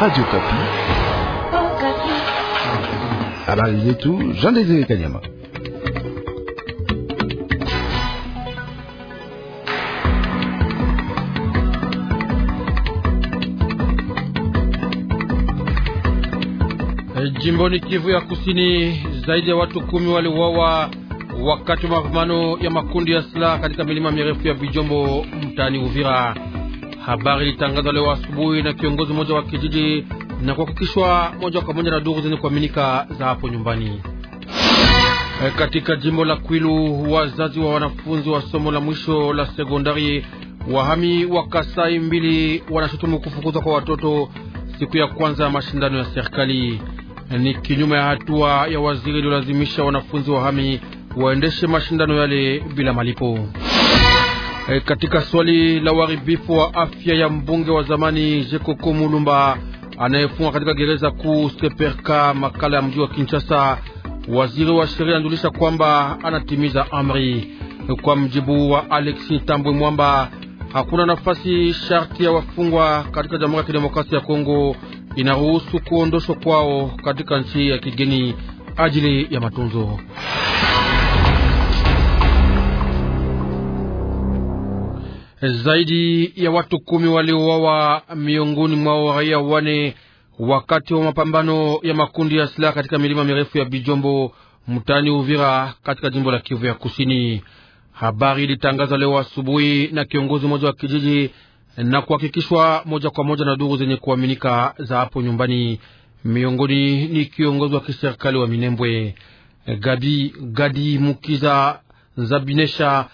Radio Kapi. Habari zetu Jean Desire Kanyama. Eh, Jimboni Kivu ya Kusini, zaidi ya watu kumi waliuawa wakati wa mapambano ya makundi ya silaha katika milima mirefu ya Bijombo mtaani Uvira. Habari ilitangazwa leo asubuhi na kiongozi mmoja wa kijiji na kuhakikishwa moja kwa moja na duru zenye kuaminika za hapo nyumbani. Eh, katika jimbo la Kwilu, wazazi wa wanafunzi wa somo la mwisho la sekondari wahami wa Kasai mbili wanashutumu kufukuzwa kwa watoto siku ya kwanza ya mashindano ya serikali. Ni kinyume ya hatua ya waziri iliyolazimisha wanafunzi wahami waendeshe mashindano yale bila malipo. E, katika swali la uharibifu wa afya ya mbunge wa zamani Jekoko Mulumba anayefungwa katika gereza kuu Seperka makala ya mji wa Kinshasa, waziri wa sheria anajulisha kwamba anatimiza amri. Kwa mjibu wa Alexi Tambwe Mwamba, hakuna nafasi sharti ya wafungwa katika Jamhuri ya Kidemokrasia ya Kongo inaruhusu kuondoshwa kwao katika nchi ya kigeni ajili ya matunzo. Zaidi ya watu kumi waliouawa, miongoni mwao raia wane, wakati wa mapambano ya makundi ya silaha katika milima mirefu ya Bijombo mtaani Uvira katika jimbo la Kivu ya Kusini. Habari ilitangazwa leo asubuhi na kiongozi mmoja wa kijiji na kuhakikishwa moja kwa moja na duru zenye kuaminika za hapo nyumbani, miongoni ni kiongozi wa kiserikali wa Minembwe Gabi Gadi Mukiza Zabinesha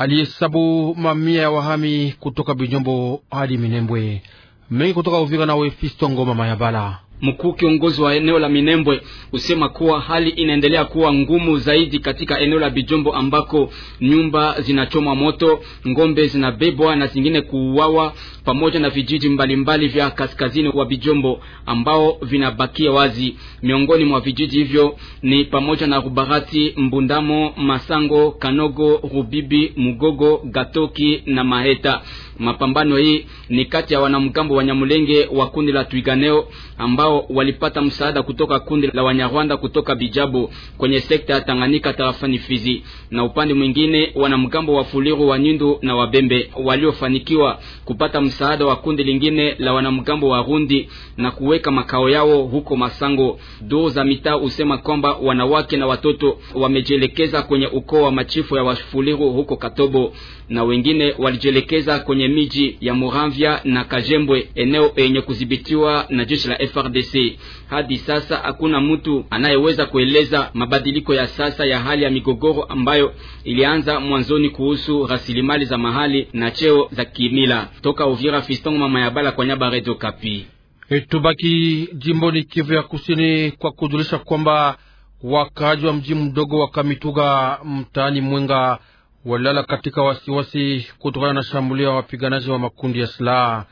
aliyehesabu mamia ya wahami kutoka Binyombo hadi Minembwe, mengi kutoka Uvira nawe Fistongo mama ya Bala mkuu kiongozi wa eneo la Minembwe husema kuwa hali inaendelea kuwa ngumu zaidi katika eneo la Bijombo ambako nyumba zinachomwa moto, ngombe zinabebwa na zingine kuuawa, pamoja na vijiji mbalimbali vya kaskazini wa Bijombo ambao vinabakia wazi. Miongoni mwa vijiji hivyo ni pamoja na Rubarati, Mbundamo, Masango, Kanogo, Rubibi, Mugogo, Gatoki na Maheta. Mapambano hii ni kati ya wanamgambo wa Nyamulenge wa kundi la Twiganeo ambao ambao walipata msaada kutoka kundi la Wanyarwanda kutoka bijabu kwenye sekta ya Tanganyika tarafani Fizi, na upande mwingine wanamgambo wa Fuliru wa Nyundu na Wabembe waliofanikiwa kupata msaada wa kundi lingine la wanamgambo wa Rundi na kuweka makao yao huko Masango. Duo za mitaa husema kwamba wanawake na watoto wamejielekeza kwenye ukoo wa machifu ya Wafuliru huko Katobo na wengine walijielekeza kwenye miji ya Muramvya na Kajembwe, eneo yenye kudhibitiwa na jeshi la FRD. FARDC. Hadi sasa hakuna mtu anayeweza kueleza mabadiliko ya sasa ya hali ya migogoro ambayo ilianza mwanzoni kuhusu rasilimali za mahali na cheo za kimila. Toka Uvira, Fiston mama ya bala kwa nyaba, Radio Kapi. E, tubaki jimboni Kivu ya Kusini kwa kujulisha kwamba wakaaji wa mji mdogo wa Kamituga mtaani Mwenga walilala katika wasiwasi kutokana na shambulio ya wapiganaji wa makundi ya silaha.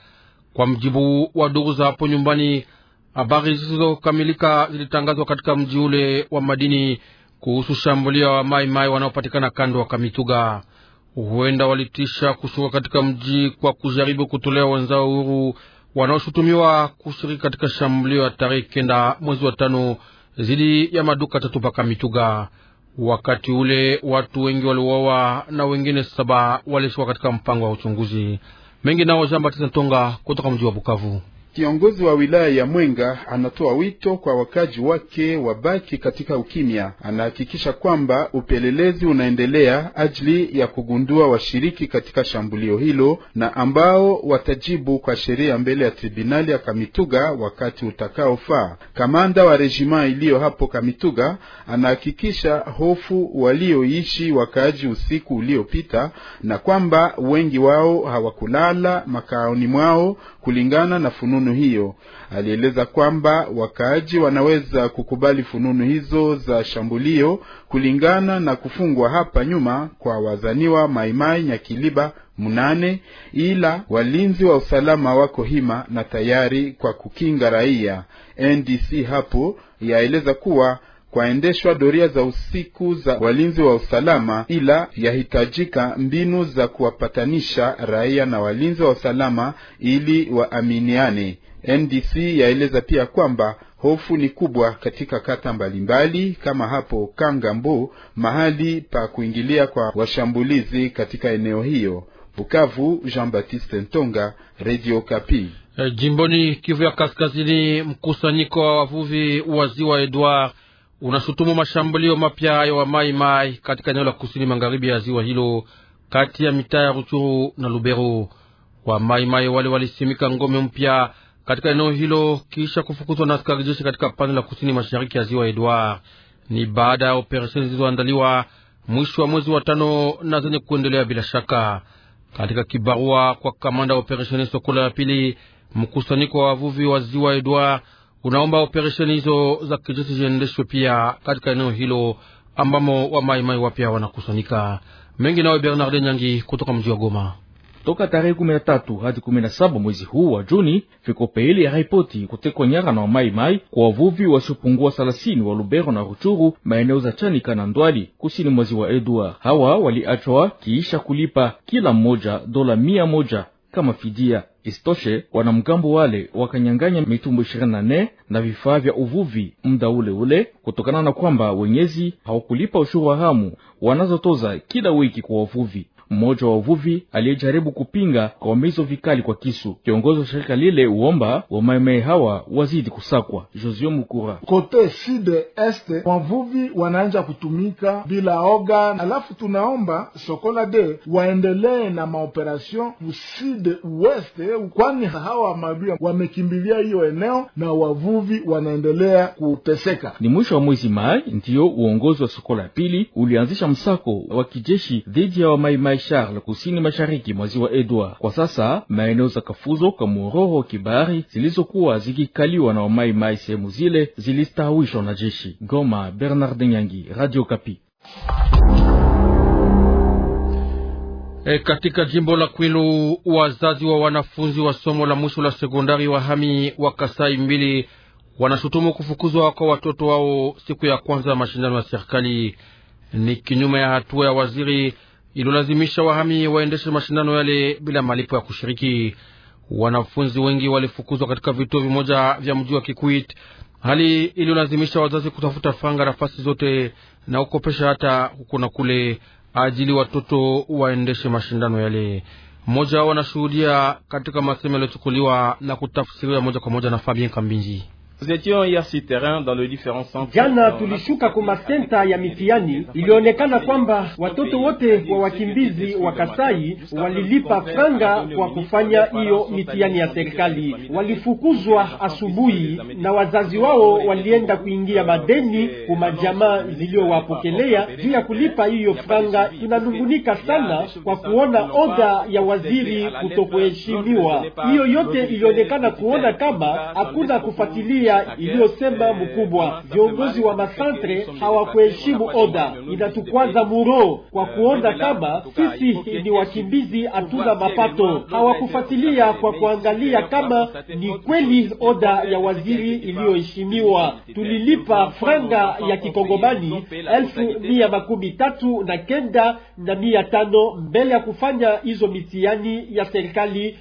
Kwa mjibu wa ndugu za hapo nyumbani, Habari zisizokamilika zilitangazwa katika mji ule wa madini kuhusu shambulia wa mai mai wanaopatikana kando wa Kamituga. Huenda walitisha kushuka katika mji kwa kujaribu kutolea wenzao huru wanaoshutumiwa kushiriki katika shambulio ya tarehe kenda mwezi wa tano dhidi ya maduka tatu pa Kamituga. Wakati ule watu wengi waliuawa na wengine saba walishwa katika mpango wa uchunguzi mengi. Nao Jean Batiste Ntonga kutoka mji wa Bukavu. Kiongozi wa wilaya ya Mwenga anatoa wito kwa wakaji wake wabaki katika ukimya. Anahakikisha kwamba upelelezi unaendelea ajili ya kugundua washiriki katika shambulio hilo na ambao watajibu kwa sheria mbele ya tribunali ya Kamituga wakati utakaofaa. Kamanda wa rejima iliyo hapo Kamituga anahakikisha hofu walioishi wakaji usiku uliopita na kwamba wengi wao hawakulala makaoni mwao kulingana na funu fununu hiyo. Alieleza kwamba wakaaji wanaweza kukubali fununu hizo za shambulio kulingana na kufungwa hapa nyuma kwa wazaniwa Maimai Nyakiliba mnane, ila walinzi wa usalama wako hima na tayari kwa kukinga raia. NDC hapo yaeleza kuwa kwaendeshwa doria za usiku za walinzi wa usalama, ila yahitajika mbinu za kuwapatanisha raia na walinzi wa usalama ili waaminiane. NDC yaeleza pia kwamba hofu ni kubwa katika kata mbalimbali kama hapo Kangambo, mahali pa kuingilia kwa washambulizi katika eneo hiyo. Bukavu, Jean-Baptiste Ntonga, Radio Kapi. E, jimboni Kivu ya Kaskazini, mkusanyiko wa wavuvi wa ziwa Edward unashutumu mashambulio mapya ya wa Mai Mai katika eneo la kusini magharibi ya ziwa hilo kati ya mitaa ya Ruchuru na Lubero. wamaimai Mai Mai wale walisimika ngome mpya katika eneo hilo kisha kufukuzwa na askari jeshi katika pande la kusini mashariki ya ziwa Edward. Ni baada ya operesheni zilizoandaliwa mwisho wa mwezi wa tano na zenye kuendelea bila shaka. Katika kibarua kwa kamanda ya operesheni Sokola ya pili, mkusanyiko wa wavuvi wa ziwa Edward unaomba operesheni hizo za kijeshi ziendeshwe pia katika eneo hilo ambamo wamaimai wapya wanakusanyika mengi. Nawe Bernard Nyangi kutoka mji wa Goma. Toka tarehe kumi na tatu hadi kumi na saba mwezi huu wa Juni, Fekopeeli ya ripoti kutekwa nyara na wamaimai kwa wavuvi wasiopungua thelathini wa Lubero na Ruchuru, maeneo za Chanika na Ndwali, kusini mwa ziwa Edward. Hawa waliachwa kiisha kulipa kila mmoja dola mia moja kama fidia. Isitoshe, wanamgambo wale wakanyang'anya mitumbo ishirini na nne na vifaa vya uvuvi muda ule ule, kutokana na kwamba wenyezi hawakulipa ushuru wa hamu wanazotoza kila wiki kwa wavuvi mmoja wa uvuvi aliyejaribu kupinga kaumizwa vikali kwa kisu. Kiongozi wa shirika lile uomba wamaimai hawa wazidi kusakwa. Josio Mukura: kote side este wavuvi wanaanja kutumika bila oga, alafu tunaomba sokola de waendelee na ku uside uweste, kwani hawa mabia wamekimbilia hiyo eneo na wavuvi wanaendelea kuteseka. Ni mwisho wa mwezi Mai ndiyo uongozi wa Sokola pili ulianzisha msako wa kijeshi dhidi ya wamaimai Charles kusini mashariki mwa ziwa Edward. Kwa sasa maeneo za Kafuzo, Kamoroho, Kibari zilizokuwa zikikaliwa na wamaimai sehemu zile zilistawishwa na jeshi. Goma, Bernard Nyangi, Radio Kapi. E, katika jimbo la Kwilu wazazi wa wanafunzi wa somo la mwisho la sekondari wa hami wa Kasai mbili wanashutumu kufukuzwa kwa watoto wao siku ya kwanza ya mashindano ya serikali. Ni kinyume ya hatua ya waziri ililazimisha wahami waendeshe mashindano yale bila malipo ya kushiriki. Wanafunzi wengi walifukuzwa katika vituo vimoja vya mji wa Kikwit, hali iliyolazimisha wazazi kutafuta fanga nafasi zote na kukopesha hata huko na kule ajili watoto waendeshe mashindano yale. Mmoja wao anashuhudia katika masemo yaliyochukuliwa na kutafsiriwa moja kwa moja na Fabien Kambinji. Jana tulishuka kwa masenta ya mitihani, ilionekana kwamba watoto wote wa wakimbizi wa Kasai walilipa franga kwa kufanya hiyo mitihani ya serikali. Walifukuzwa asubuhi na wazazi wao walienda kuingia madeni kwa majamaa ziliyowapokelea juu ya kulipa hiyo franga. Tunanungunika sana kwa kuona oda ya waziri kutokuheshimiwa. Hiyo yote ilionekana kuona kama hakuna kufuatilia sheria iliyosema eh, mkubwa, viongozi wa masantre hawakuheshimu oda. Inatukwaza muro eh, kwa kuonda kama sisi ni wakimbizi, hatuna mapato. Hawakufuatilia kwa kuangalia kama ni kweli oda ya waziri iliyoheshimiwa. Tulilipa franga ya kikongomani elfu mia makumi tatu na kenda na mia tano mbele ya kufanya hizo mitihani ya serikali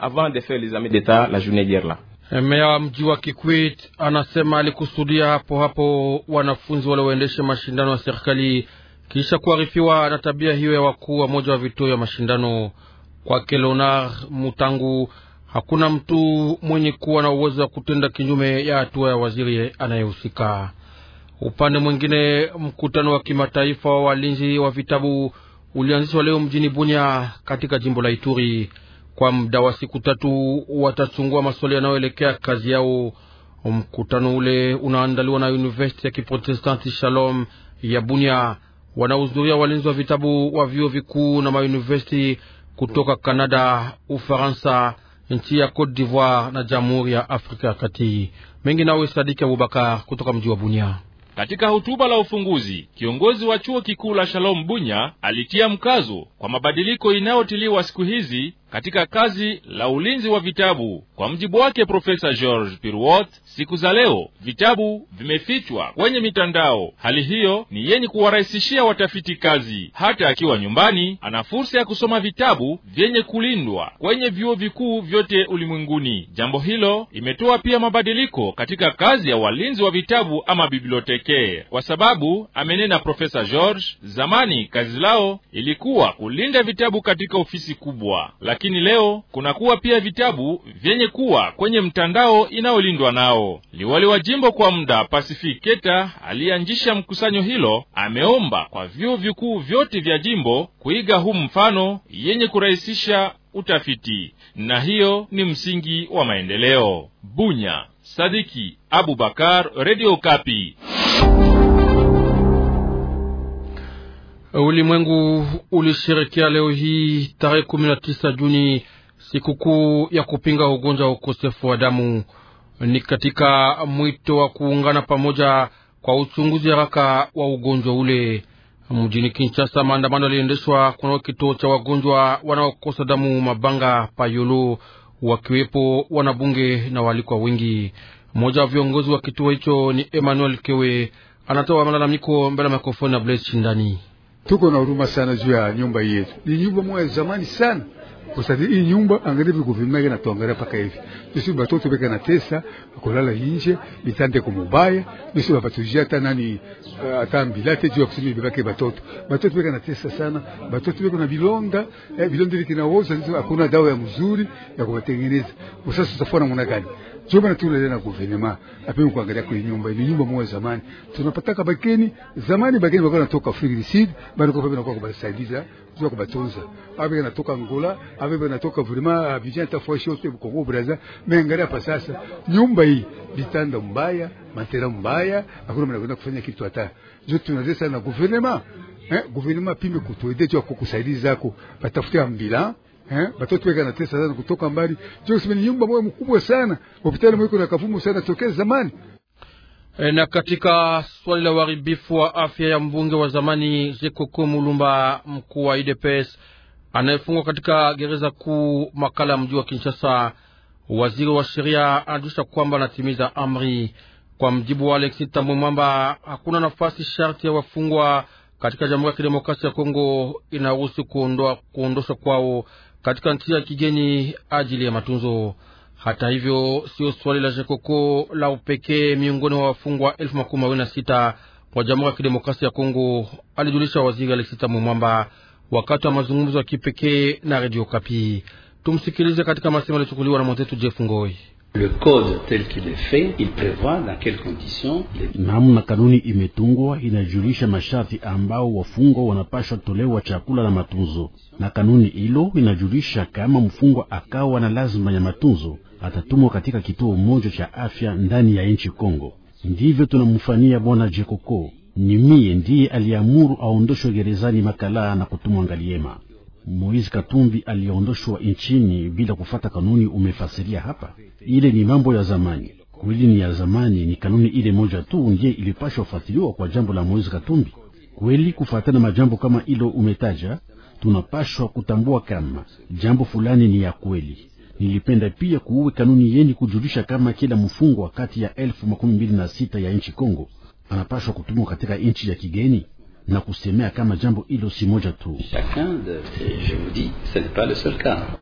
avant de faire les d'etat la journée d'hier là Eh, meya wa mji wa Kikwit anasema alikusudia hapo hapo wanafunzi walioendesha mashindano ya serikali kisha kuarifiwa na tabia hiyo ya wakuu wa moja wa vituo vya mashindano. Kwake Leonard Mutangu, hakuna mtu mwenye kuwa na uwezo wa kutenda kinyume ya hatua ya waziri anayehusika. Upande mwingine, mkutano wa kimataifa wa walinzi wa vitabu ulianzishwa leo mjini Bunya katika jimbo la Ituri. Kwa muda wa siku tatu watachungua maswali yanayoelekea kazi yao. Mkutano ule unaandaliwa na University ya Kiprotestanti Shalom ya Bunia. Wanahudhuria walinzi wa vitabu wa vyuo vikuu na mauniversiti kutoka Kanada, Ufaransa, nchi ya Cote d'Ivoire na Jamhuri ya Afrika ya Kati. Mengi nawe Sadiki Abubakar kutoka mji wa Bunia. Katika hotuba la ufunguzi kiongozi wa chuo kikuu la Shalom Bunya alitia mkazo kwa mabadiliko inayotiliwa siku hizi katika kazi la ulinzi wa vitabu. Kwa mjibu wake Profesa George Pirwot, siku za leo vitabu vimefichwa kwenye mitandao. Hali hiyo ni yenye kuwarahisishia watafiti kazi. Hata akiwa nyumbani, ana fursa ya kusoma vitabu vyenye kulindwa kwenye vyuo vikuu vyote ulimwenguni. Jambo hilo imetoa pia mabadiliko katika kazi ya walinzi wa vitabu ama biblioteke, kwa sababu amenena Profesa George, zamani kazi lao ilikuwa kulinda vitabu katika ofisi kubwa, lakini lakini leo kunakuwa pia vitabu vyenye kuwa kwenye mtandao inayolindwa nao. Liwali wa jimbo kwa muda Pacific Keta alianjisha mkusanyo hilo, ameomba kwa vyuo vikuu vyote vya jimbo kuiga huu mfano yenye kurahisisha utafiti, na hiyo ni msingi wa maendeleo. Bunya Sadiki Abubakar, Radio Kapi. Ulimwengu ulisherekea leo hii tarehe kumi na tisa Juni sikukuu ya kupinga ugonjwa wa ukosefu wa damu. Ni katika mwito wa kuungana pamoja kwa uchunguzi haraka wa ugonjwa ule. Mjini Kinshasa, maandamano yaliendeshwa kuna kituo cha wagonjwa wanaokosa damu Mabanga Payolo, wakiwepo wanabunge na waalikwa wengi. Mmoja wa viongozi wa kituo hicho ni Emmanuel Kewe, anatoa malalamiko mbele ya mikrofoni na Blaise Shindani tuko na huruma sana juu ya nyumba yetu. Ni nyumba moja ya zamani sana kwa sababu hii nyumba angalia viko government na tuangalia paka hivi. Sisi watoto beka na tesa kulala nje bitande kumubaya, sisi babatujia hata nani eh, hata ambilate juu ya kusudi bibake batoto. Watoto beka na tesa sana, watoto beka na bilonda, eh, bilonda vikinaoza, hakuna dawa ya mzuri ya kuwatengeneza. sasa tutafuna mwana gani? Chomba na tuna tena kuvenema apewe kuangalia kwa nyumba ile nyumba moja zamani. Tunapataka bakeni zamani bakeni bakao natoka Afrika Kusini, bado kwa pamoja kwa kubasaidia, kwa kubatunza. Abe natoka Angola, abe natoka vrema vijana tafashi yote kwa Kongo Brazza. Mimi sasa nyumba hii vitanda mbaya, matera mbaya, hakuna mnakwenda kufanya kitu hata. Zote tunaweza na guvernema. Eh, guvernema pime kutuendea kwa kusaidia Batafutia ambila eh weka na tesa sana kutoka mbali. Sio kusema nyumba moyo mkubwa sana, hospitali moyo kuna kafumu sana tokea zamani. E, na katika swali la uharibifu wa afya ya mbunge wa zamani Jekoko Mulumba, mkuu wa UDPS anayefungwa katika gereza kuu makala ya mji wa Kinshasa, waziri wa sheria anajulisha kwamba anatimiza amri. Kwa mjibu wa Alexis Tambwe Mwamba, hakuna nafasi sharti ya wafungwa katika Jamhuri ya Kidemokrasia ya Kongo inaruhusu kuondoshwa kwao katika nchi ya kigeni ajili ya matunzo. Hata hivyo, sio swali la JECOCO la upekee miongoni wa wafungwa elfu makumi mawili na sita wa Jamhuri ya Kidemokrasia ya Kongo, alijulisha waziri Alexita Mumwamba wakati wa mazungumzo ya kipekee na Radio Kapi. Tumsikilize katika masema yaliyochukuliwa na mwenzetu Jeff Ngoi. Le code tel qu'il est fait, il prévoit dans quelles conditions les... namna kanuni imetungwa inajulisha masharti ambao wafungwa wanapashwa tolewa chakula na matunzo, na kanuni hilo inajulisha kama mfungwa akawa na lazima ya matunzo atatumwa katika kituo moja cha afya ndani ya nchi Kongo. Ndivyo tunamfanyia Bwana Jekoko. Ni mie ndiye aliamuru aondoshwe gerezani Makala na kutumwa Ngaliema. Moise Katumbi aliondoshwa nchini bila kufata kanuni, umefasiria hapa. Ile ni mambo ya zamani kweli, ni ya zamani. Ni kanuni ile moja tu ndiye ilipashwa kufuatiliwa kwa jambo la Moise Katumbi kweli. na majambo kama ilo umetaja, tunapashwa kutambua kama jambo fulani ni ya kweli. Nilipenda pia kuuwe kanuni yeni kujulisha kama kila mfungwa kati ya elfu makumi mbili na sita ya nchi Kongo anapashwa kutumwa katika nchi ya kigeni Chacun de, je vous dis, ce n'est pas le seul cas.